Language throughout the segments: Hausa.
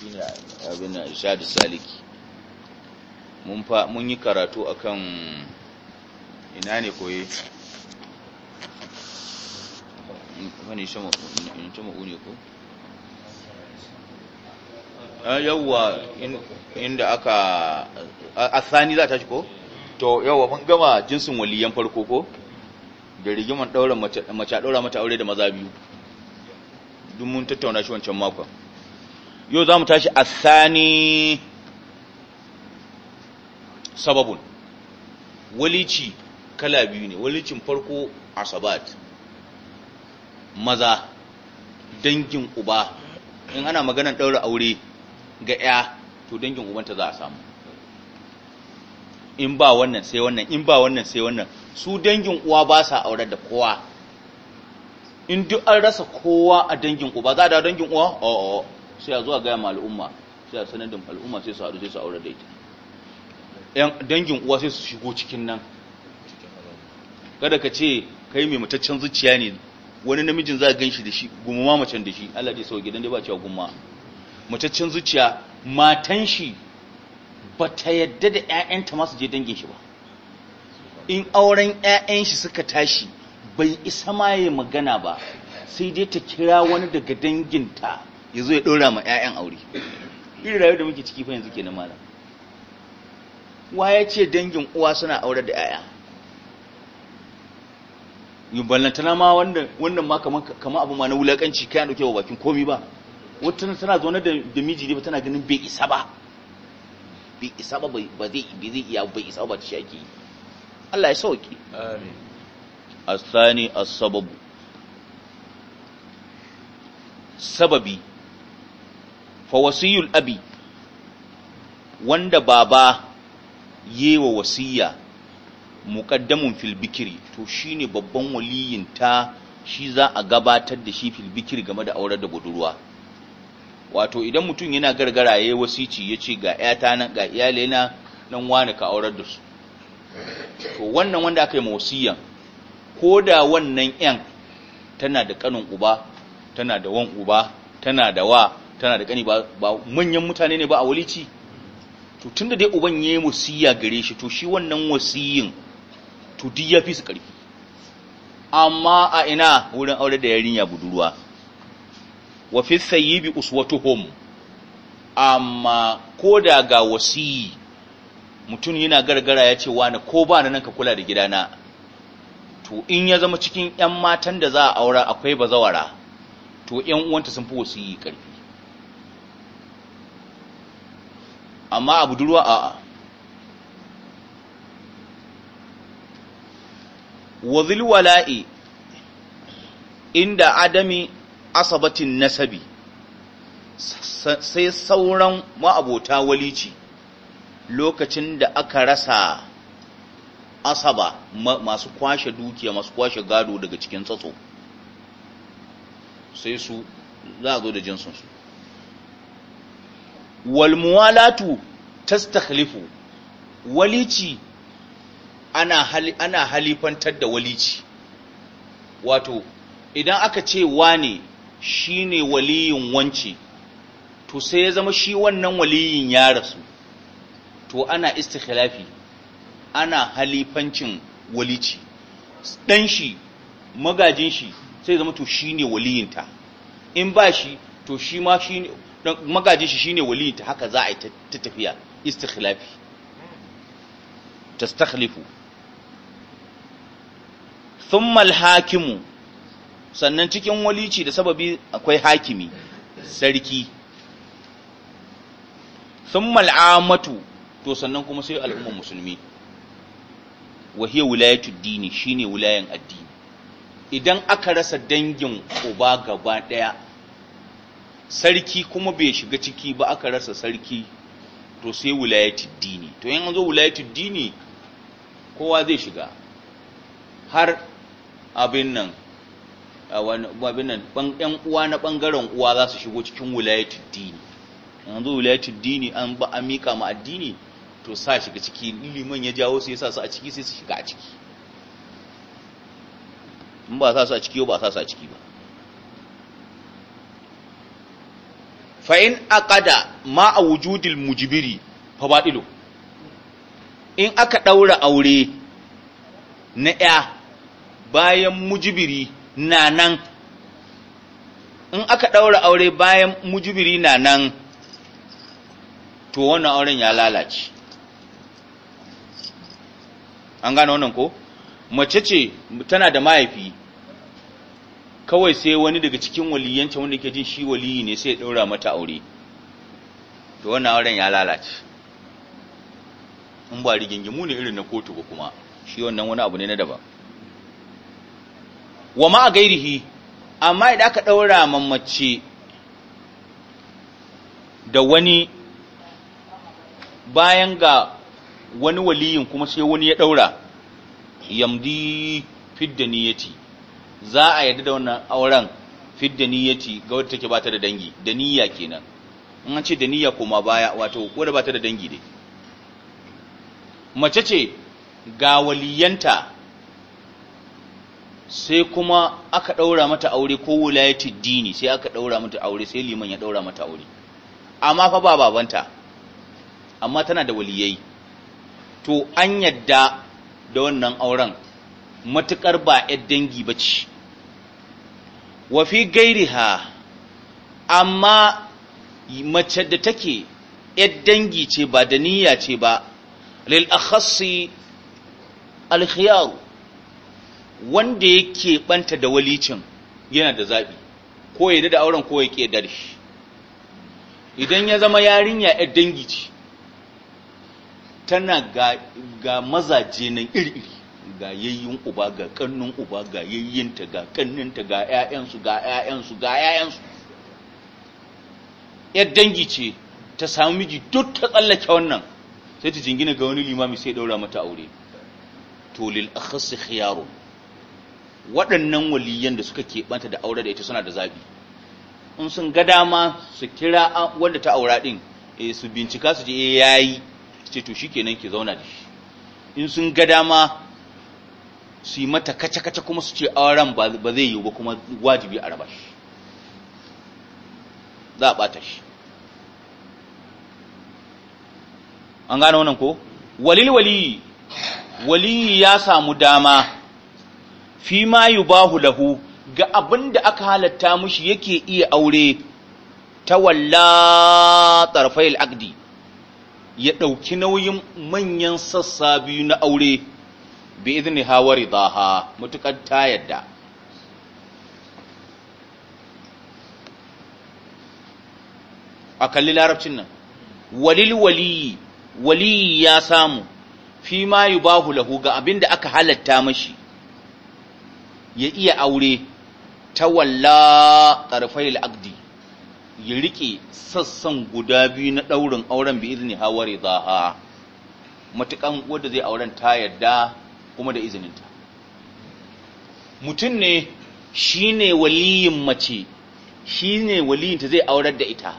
shine abin shadi Saliki mun fa mun yi karatu akan ina ne koyi wani shama ah, in tuma uni ko yawwa inda aka asani za ta shi ko to yawwa mun gama jinsin waliyan farko ko da rigiman daura mace a daura mata aure da maza biyu dun mun tattauna shi wancan makon yau za mu tashi a Sani sababun walici kala biyu ne walicin farko asabat maza dangin uba in ana maganar ɗaura aure ga ya to dangin ubanta za a samu in ba wannan sai wannan in ba wannan sai wannan su dangin uwa ba sa aure da kowa in duk an rasa kowa a dangin uba za a da dangin uwa? o oh, oh, oh. sai a zuwa gaya ma al'umma sai a da al'umma sai su haɗu sai su aure da ita yan dangin uwa sai su shigo cikin nan kada ka ce kai mai mutaccen zuciya ne wani namijin za a gan shi da shi gumuma macen da shi Allah ya sau gidan da ba cewa gumma mutaccen zuciya matan shi ba ta yadda da 'ya'yanta masu je dangin shi ba in auren 'ya'yan shi suka tashi bai isa ma magana ba sai dai ta kira wani daga danginta ya zo ya ɗora ma 'ya'yan aure irin rayuwar da muke ciki fa yanzu kenan malam wa ya ce dangin uwa suna aure da 'ya'ya yin ballantana ma wannan ma kama abu ma na wulakanci kayan ɗauke wa bakin komi ba wata tana zaune da miji ne ba tana ganin bai isa ba bai isa ba ba zai iya bai isa ba ta shi ake yi Allah ya sauke amin asani as-sababu sababi fawasiyul abi wanda baba wa wasiya muqaddamun fil bikri to shine babban waliyin ta shi za a gabatar da shi filbikiri bikri game da aurar da budurwa wato idan mutum yana gargara yayi wasici yace ga ƴata nan ga na nan wani ka aurar da su to wannan wanda aka yi wasiyan ko da wannan 'yan tana da kanin uba tana da wan uba tana da wa tana da kani ba manyan mutane ne ba a walici to tunda dai uban yayi wasiya gare shi to shi wannan wasiyin to duk ya fi su karfi amma a ina wurin aure da yarinya budurwa wa fi sayyibi uswatuhum amma ko da ga wasiyi mutum yana gargara ya ce wani ko ba nan ka kula da gidana to in ya zama cikin 'yan matan da za a aura akwai bazawara to 'yan uwanta sun fi wasiyi karfi amma a budurwa a'a wazil wala'i inda adami asabatin nasabi sai sauran ma'abota walici lokacin da aka rasa asaba masu kwashe dukiya masu kwashe gado daga cikin tsatso sai su za zo da jinsinsu walmuwalatu ta tastakhlifu walici ana hali, ana halifantar da walici wato idan aka ce wane shine waliyin wance to sai ya zama shi wannan waliyin ya rasu to ana istikhlafi ana halifancin walici dan shi magajin shi sai zama to shine waliyinta in ba shi to shi ma shine magajin shi shine ta haka za a yi ta tafiya istikhlafi tastakhlifu thumma alhakimu sannan cikin walici da sababi akwai hakimi sarki thumma al'amatu to sannan kuma sai al'umma musulmi wa hiya wilayatu dini shine wilayan addini idan aka rasa dangin uba gaba daya sarki kuma bai shiga ciki ba aka rasa sarki to sai wilayatul dini to yin zo wilayatul dini kowa zai shiga har abin nan abin nan uwa na ɓangaren uwa za su shigo cikin wilayatul dini yanzu wilayatul dini an ba a mika ma addini to sa shiga ciki liman ya jawo su sa su a ciki sai su shiga a ciki in ba sa su a ciki ba sa su a ciki ba fa in aqada ma a wujudil mujibiri fa badilu in aka daura aure na ya bayan mujibiri na nan in aka daura aure bayan mujibiri na nan to wannan auren ya lalace an gane wannan ko mace ce tana da mahaifi kawai sai wani daga cikin waliyanta wanda ke jin shi waliyi ne sai ya daura mata aure to wannan auren ya lalace in ba rigingimu ne irin na kotu ba kuma shi wannan wani abu ne na daban wa ma gairihi amma idan aka daura mamace da wani bayan ga wani waliyin kuma sai wani ya daura yamdi fidda niyyati za a yarda da wannan auren fidda niyyati ga wadda take bata da dangi da niyya kenan in an ce da niyya koma baya wato wadda bata da dangi dai mace ce ga waliyanta sai kuma aka ɗaura mata aure ko ci dini sai aka ɗaura mata aure sai liman ya ɗaura mata aure amma fa ba babanta amma tana da waliyai to an yadda da wannan auren matukar ba 'yar dangi ba ce wa fi gairiha amma mace da take ‘yar dangi ce ba da niyya ce ba lil akhassi alkhiyar wanda yake banta da walicin yana da zaɓi ko ya da auren ko ya ƙedar shi idan ya zama yarinya ‘yar dangi ce tana ga, mazaje nan iri-iri ga yayyin uba ga kannun uba ga yayyinta ga kanninta ga 'ya'yansu ga ƴaƴansu ga ƴaƴansu yar dangi ce ta samu miji duk ta tsallake wannan sai ta jingina ga wani limami sai daura mata aure to lil akhas khiyar waɗannan waliyan da suka keɓanta da aure da ita suna da zabi in sun ga dama su kira wanda ta aura din eh su bincika su je eh, yayi ce to shikenan ke zauna da shi in sun ga dama su yi mata kace-kace kuma su ce auren ba zai yiwu ba kuma wajibi a raba shi za a ɓata shi an gano wannan ko walil waliyi waliyi ya samu dama fi ma bahu lahu ga abin da aka halatta mushi yake iya aure ta walla tarfayil agdi ya ɗauki nauyin manyan sassa biyu na aure bi izini hawari ridaha mutukar ta yadda a kalli larabcin nan walil waliyi waliyi ya samu fi ma yubahu lahu ga abinda aka halatta mashi ya iya aure ta walla tarfayil aqdi ya riƙe sassan guda biyu na ɗaurin auren bi izni hawari daha matukan wanda zai auren ta yadda kuma da izininta mutum ne shi ne waliyin mace shi ne waliyinta zai aurar da ita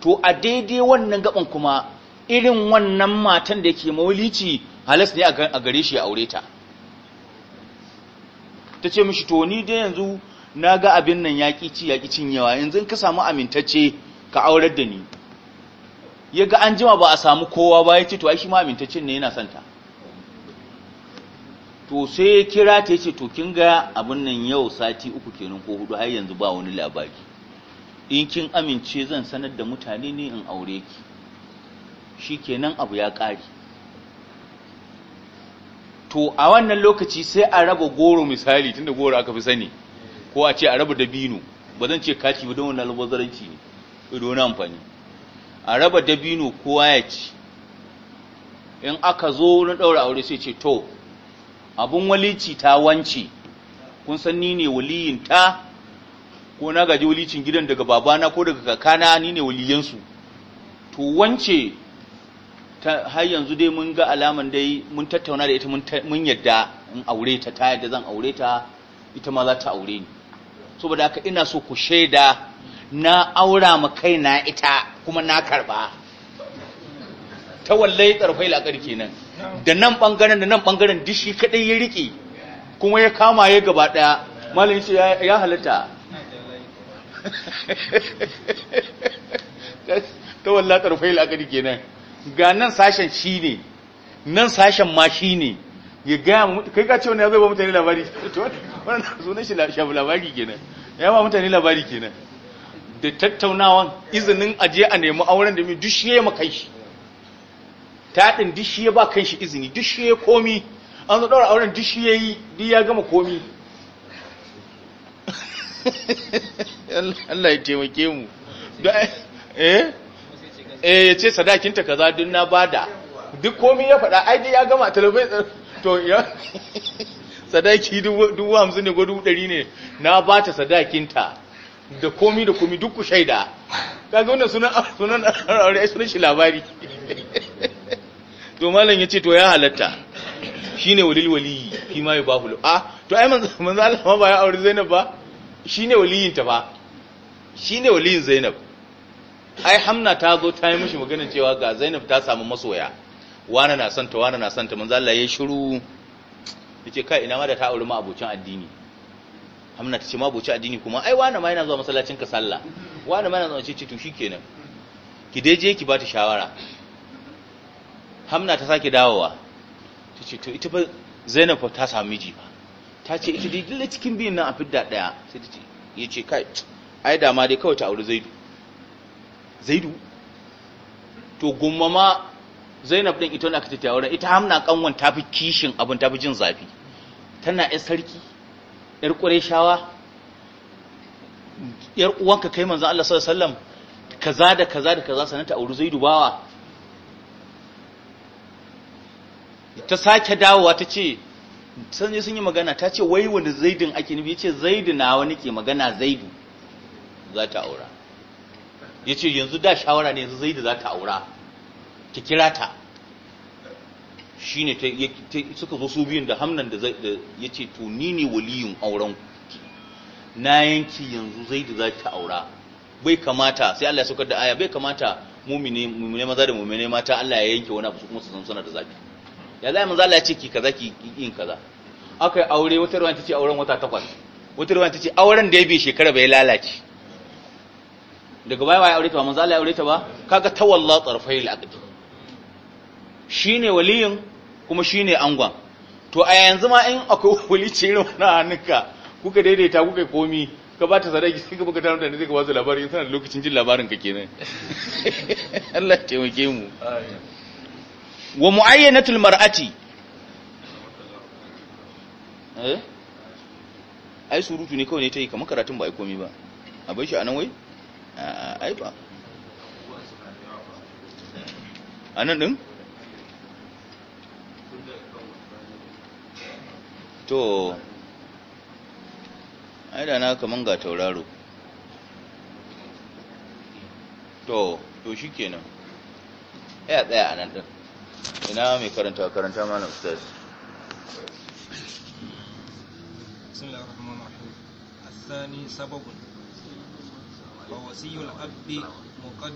to a daidai wannan gaban kuma irin wannan matan da ke mawalici halas ne a gare shi ya aure ta ta ce mishi to ni dai yanzu na ga abin nan ya ci ya cinyewa yanzu ka samu amintacce ka aurar da ni ya ga an jima ba a samu kowa ba ya ce to ai shi ma amintaccen ne yana santa to sai ya kira ta ce to kin ga abin nan yau sati uku kenan ko hudu har yanzu ba wani labari in kin amince zan sanar da mutane ne in aure ki shikenan abu ya kare to a wannan lokaci sai a raba goro misali tunda goro aka fi sani ko a ce a raba dabino ba zan ce kaci ba don wannan albazaranci ne ido na amfani a raba dabino kowa ya ci in aka zo na daura aure sai ce to abun walici ta wance kun san ni ne waliyin ta ko na gaji walicin gidan daga babana ko daga kakana ni ne waliyansu to wance har yanzu dai mun ga alaman dai mun tattauna da ita mun yadda in aure ta ta yadda zan aure ta ita ma za ta aure ni saboda haka ina so ku shaida na aura ma kaina ita kuma na karba ta wallai tsarfai laƙar kenan da nan bangaren da nan bangaren dishi kadai ya rike kuma ya kama ya gaba daya malin shi ya halitta ta wallah tarfai al'akari kenan ga nan sashen shi ne nan sashen ma shi ne ya gaya mutu kai ka ce wani ya zai ba mutane labari wannan sunan shi labari kenan ya ba mutane labari kenan da tattaunawan izinin aje a nemi auren da mai ya makai shi ta dishi ya ba kan shi izini dishi ya komi an zo ɗaura auren dishi ya yi di ya gama komi Allah ya taimake mu eh eh ya ce sadakinta kaza duk na bada duk komi ya faɗa ai dai ya gama talabai to ya sadaki dubu hamsin ne ko dubu ɗari ne na ba ta sadakinta da komi da komi duk ku shaida kaga wannan sunan sunan aure sunan shi labari to malam ya ce to ya halatta Shi ne walil waliyi fi ma hulu a to ai manzo Allah ma ba ya auri Zainab ba Shi ne waliyin ta ba Shi ne waliyin Zainab ai Hamna ta zo ta yi mishi magana cewa ga Zainab ta samu masoya wani na son ta wani na son ta manzo Allah ya shiru yace kai ina ma da ta auri ma abocin addini Hamna ta ce ma abocin addini kuma ai wani ma yana zuwa masallacin ka sallah wani ma yana zuwa ce to kenan. ki dai je ki ba ta shawara hamna ta sake dawowa ta ce to ita ba zainab ta samu miji ba ta ce ita dai dalla cikin biyun nan a fidda daya sai ta ce ya ce kai ai dama dai kawai ta auri zaidu zaidu to gumma ma zainab din ita wanda aka tattawa wurin ita hamna kanwan ta fi kishin abin ta fi jin zafi tana yar sarki yar ƙureshawa yar uwanka kai manzan Allah sallallahu alaihi wasallam kaza da kaza da kaza sanata auri zaidu bawa ta sake dawowa ta ce sun yi sun yi magana ta ce wai wani zaidin ake nufi ya ce zaidu na wani ke magana zaidu za ta aura ya ce yanzu da shawara ne yanzu zaidu za ta aura ta kira ta shi ne suka zo su biyun da hamnan da ya ce to ni ne waliyun auren na yanki yanzu zaidu za ta aura bai kamata sai Allah ya saukar da aya bai kamata mumine maza da mumine mata Allah ya yanke wani abu su kuma su san suna da zafi ya zai manzo Allah ya ce ki kaza ki yin kaza akai aure wata ruwan tace auren wata takwas wata ruwan tace auren da ya bi shekara bai lalace daga baya wai aure ta manzo Allah ya aure ta ba kaga tawalla tsarfai al shine waliyin kuma shine angon to a yanzu ma in akwai wali ce irin wannan hannuka kuka daidaita kuka komi ka ba ta sadaki sai ka buga ta mutane zai ka ba su labarin sanar lokacin jin labarin ka kenan Allah ya taimake mu amin wa muayyanatul mar'ati eh ai surutu ne kawai ne ta yi kamar karatun ba ai komai ba a bai shi anan wai ai ba anan din to ai da na kaman ga tauraro to to shikenan ya tsaya anan din ina mai karanta karanta malam ustaz الثاني سبب ووصي الأب مقدم